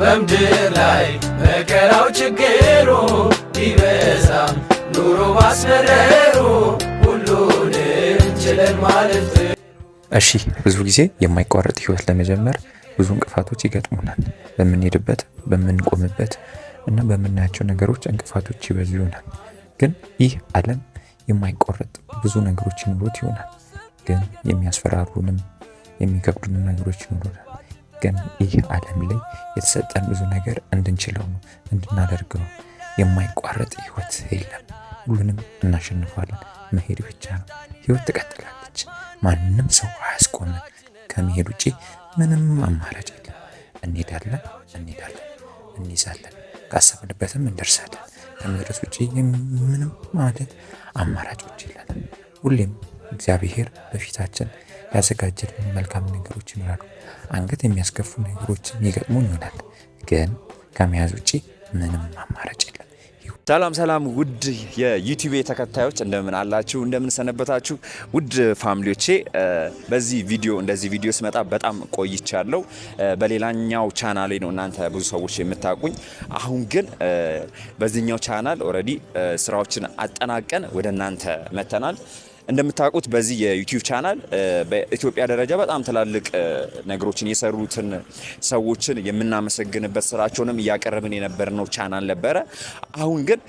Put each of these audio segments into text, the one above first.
በምድር ላይ መከራው ችግሩ ቢበዛ ኑሮ ማስመረሩ ሁሉን ችለን ማለት እሺ። ብዙ ጊዜ የማይቋረጥ ህይወት ለመጀመር ብዙ እንቅፋቶች ይገጥሙናል። በምንሄድበት፣ በምንቆምበት እና በምናያቸው ነገሮች እንቅፋቶች ይበዙ ይሆናል። ግን ይህ ዓለም የማይቋረጥ ብዙ ነገሮች ይኖሩት ይሆናል። ግን የሚያስፈራሩንም የሚከብዱንም ነገሮች ይኖሩናል። ግን ይህ ዓለም ላይ የተሰጠን ብዙ ነገር እንድንችለው ነው፣ እንድናደርግ ነው። የማይቋረጥ ህይወት የለም። ሁሉንም እናሸንፋለን። መሄድ ብቻ ነው። ህይወት ትቀጥላለች። ማንም ሰው አያስቆመን። ከመሄድ ውጪ ምንም አማራጭ የለም። እንሄዳለን፣ እንሄዳለን፣ እንይዛለን፣ ካሰብንበትም እንደርሳለን። ከመድረስ ውጪ ምንም ማለት አማራጮች የለንም። ሁሌም እግዚአብሔር በፊታችን ያዘጋጀልን መልካም ነገሮች ይኖራሉ። አንገት የሚያስከፉ ነገሮች ይገጥሙን ይሆናል። ግን ከመያዝ ውጭ ምንም አማራጭ የለም። ሰላም ሰላም፣ ውድ የዩቲዩብ ተከታዮች እንደምን አላችሁ? እንደምን ሰነበታችሁ? ውድ ፋሚሊዎቼ በዚህ ቪዲዮ እንደዚህ ቪዲዮ ስመጣ በጣም ቆይቻለሁ። በሌላኛው ቻናሌ ነው እናንተ ብዙ ሰዎች የምታውቁኝ። አሁን ግን በዚህኛው ቻናል ኦልሬዲ ስራዎችን አጠናቀን ወደ እናንተ መተናል። እንደምታውቁት በዚህ የዩቲዩብ ቻናል በኢትዮጵያ ደረጃ በጣም ትላልቅ ነገሮችን የሰሩትን ሰዎችን የምናመሰግንበት ስራቸውንም እያቀረብን የነበርነው ቻናል ነበረ። አሁን ግን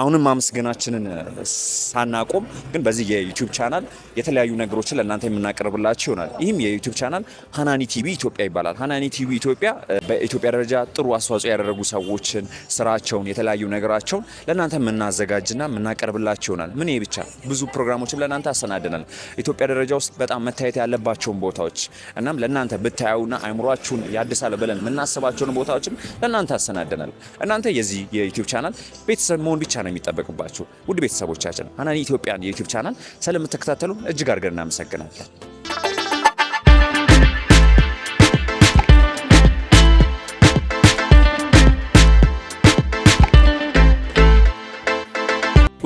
አሁንም ማመስገናችንን ሳናቆም ግን በዚህ የዩቲዩብ ቻናል የተለያዩ ነገሮችን ለእናንተ የምናቀርብላችሁ ይሆናል። ይህም የዩቲዩብ ቻናል ሀናኒ ቲቪ ኢትዮጵያ ይባላል። ሀናኒ ቲቪ ኢትዮጵያ በኢትዮጵያ ደረጃ ጥሩ አስተዋጽኦ ያደረጉ ሰዎችን ስራቸውን፣ የተለያዩ ነገራቸውን ለእናንተ የምናዘጋጅና የምናቀርብላችሁ ይሆናል። ምን ይሄ ብቻ ብዙ ፕሮግራሞችን ለእናንተ አሰናድናል። ኢትዮጵያ ደረጃ ውስጥ በጣም መታየት ያለባቸውን ቦታዎች እናም ለእናንተ ብታዩና አይምሯችሁን ያድሳል ብለን የምናስባቸውን ቦታዎችም ለእናንተ አሰናድናል። እናንተ የዚህ የዩቲዩብ ቻናል ቤተሰብ መሆን ብቻ ነው የሚጠበቅባችሁ። ውድ ቤተሰቦቻችን ሀናኒ ኢትዮጵያን የዩቲዩብ ቻናል ስለምትከታተሉ እጅግ አድርገን እናመሰግናለን።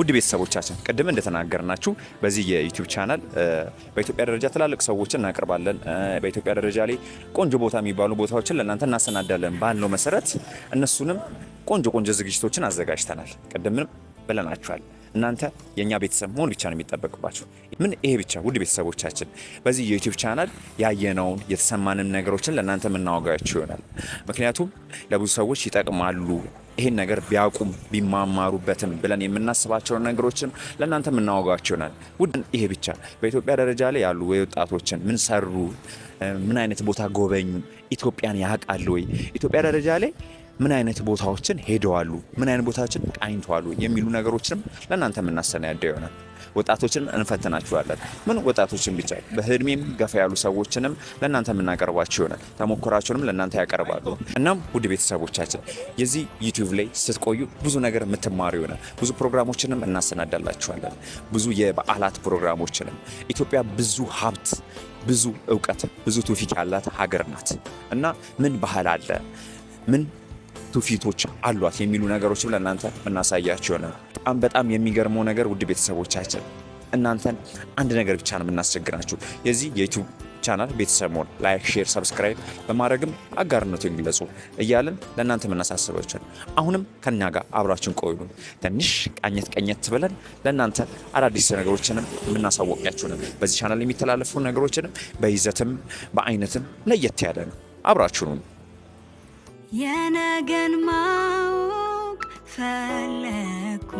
ውድ ቤተሰቦቻችን ቅድም እንደተናገርናችሁ በዚህ የዩቲዩብ ቻናል በኢትዮጵያ ደረጃ ትላልቅ ሰዎችን እናቀርባለን። በኢትዮጵያ ደረጃ ላይ ቆንጆ ቦታ የሚባሉ ቦታዎችን ለእናንተ እናሰናዳለን ባለው መሰረት እነሱንም ቆንጆ ቆንጆ ዝግጅቶችን አዘጋጅተናል። ቅድምም ብለናችኋል። እናንተ የእኛ ቤተሰብ መሆን ብቻ ነው የሚጠበቅባችሁ። ምን ይሄ ብቻ። ውድ ቤተሰቦቻችን በዚህ የዩቲዩብ ቻናል ያየነውን የተሰማንን ነገሮችን ለእናንተ የምናወጋችሁ ይሆናል። ምክንያቱም ለብዙ ሰዎች ይጠቅማሉ፣ ይህን ነገር ቢያውቁም ቢማማሩበትም ብለን የምናስባቸውን ነገሮችን ለእናንተ የምናወጋችሁ ይሆናል። ውድ ይሄ ብቻ በኢትዮጵያ ደረጃ ላይ ያሉ ወጣቶችን ምን ሰሩ፣ ምን አይነት ቦታ ጎበኙ፣ ኢትዮጵያን ያውቃሉ ወይ ኢትዮጵያ ደረጃ ላይ ምን አይነት ቦታዎችን ሄደዋሉ፣ ምን አይነት ቦታዎችን ቃኝተዋሉ የሚሉ ነገሮችንም ለእናንተ የምናሰናያደው ይሆናል። ወጣቶችን እንፈትናችኋለን። ምን ወጣቶችን ብቻ በህድሜም ገፋ ያሉ ሰዎችንም ለእናንተ የምናቀርባቸው ይሆናል። ተሞክራቸውንም ለእናንተ ያቀርባሉ። እናም ውድ ቤተሰቦቻችን የዚህ ዩቲዩብ ላይ ስትቆዩ ብዙ ነገር የምትማሩ ይሆናል። ብዙ ፕሮግራሞችንም እናሰናዳላችኋለን። ብዙ የበዓላት ፕሮግራሞችንም ኢትዮጵያ ብዙ ሀብት ብዙ እውቀት ብዙ ትውፊት ያላት ሀገር ናት እና ምን ባህል አለ ምን ትውፊቶች አሏት የሚሉ ነገሮችም ለእናንተ እናሳያቸው ይሆናል። በጣም በጣም የሚገርመው ነገር ውድ ቤተሰቦቻችን እናንተን አንድ ነገር ብቻ ነው የምናስቸግራችሁ። የዚህ የዩቱብ ቻናል ቤተሰብ መሆን፣ ላይክ፣ ሼር፣ ሰብስክራይብ በማድረግም አጋርነቱ ይግለጹ እያለን ለእናንተ የምናሳስባችኋል። አሁንም ከእኛ ጋር አብራችን ቆዩ። ትንሽ ቃኘት ቀኘት ብለን ለእናንተ አዳዲስ ነገሮችንም የምናሳወቂያችሁ ነው። በዚህ ቻናል የሚተላለፉ ነገሮችንም በይዘትም በአይነትም ለየት ያለ ነው። አብራችሁ የነገን ማወቅ ፈለኩ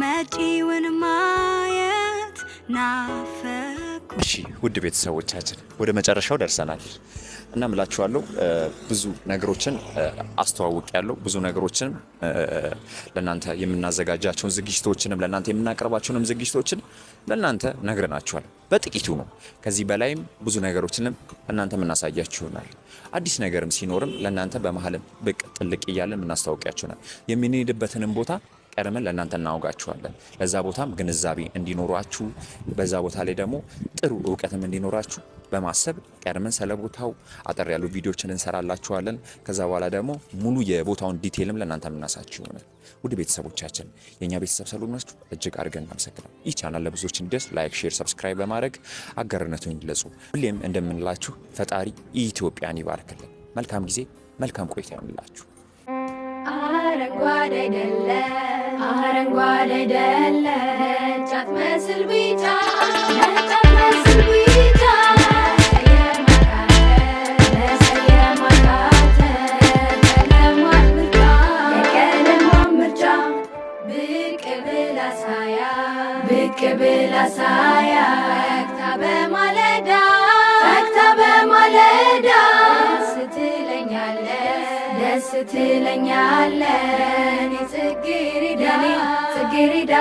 መጪውን ማየት ናፈኩ። እሺ ውድ ቤተሰቦቻችን ወደ መጨረሻው ደርሰናል። እና ምላችኋለሁ ብዙ ነገሮችን አስተዋውቅ ያለው ብዙ ነገሮችንም ለእናንተ የምናዘጋጃቸውን ዝግጅቶችንም ለእናንተ የምናቀርባቸውንም ዝግጅቶችን ለእናንተ ነግረናችኋል። በጥቂቱ ነው። ከዚህ በላይም ብዙ ነገሮችንም ለእናንተ የምናሳያችሁናል። አዲስ ነገርም ሲኖርም ለእናንተ በመሀልም ብቅ ጥልቅ እያለን የምናስታወቂያችሁናል። የምንሄድበትንም ቦታ ቀድመን ለእናንተ እናወጋችኋለን። ለዛ ቦታም ግንዛቤ እንዲኖራችሁ፣ በዛ ቦታ ላይ ደግሞ ጥሩ እውቀትም እንዲኖራችሁ በማሰብ ቀድመን ስለ ቦታው አጠር ያሉ ቪዲዮችን እንሰራላችኋለን። ከዛ በኋላ ደግሞ ሙሉ የቦታውን ዲቴይልም ለእናንተ የምናሳችሁ ይሆናል። ውድ ቤተሰቦቻችን የእኛ ቤተሰብ ሰሎናችሁ እጅግ አድርገን እናመሰግናል። ይህ ቻናል ለብዙዎች እንዲደርስ ላይክ፣ ሼር፣ ሰብስክራይብ በማድረግ አጋርነቱን ይግለጹ። ሁሌም እንደምንላችሁ ፈጣሪ ኢትዮጵያን ይባርክልን። መልካም ጊዜ መልካም ቆይታ ይሆንላችሁ። አረንጓዴ ደለ አረንጓዴ ደለች አትመስል ቢጫ ብቅ ብላ ሳያ ፈገግታ በማለዳ ፈገግታ በማለዳ ስትለኛለች ደስ ትለኛለን ጽጌሬዳ ጽጌሬዳ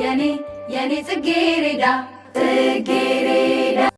የኔ የኔ ጽጌሬዳ ጽጌሬዳ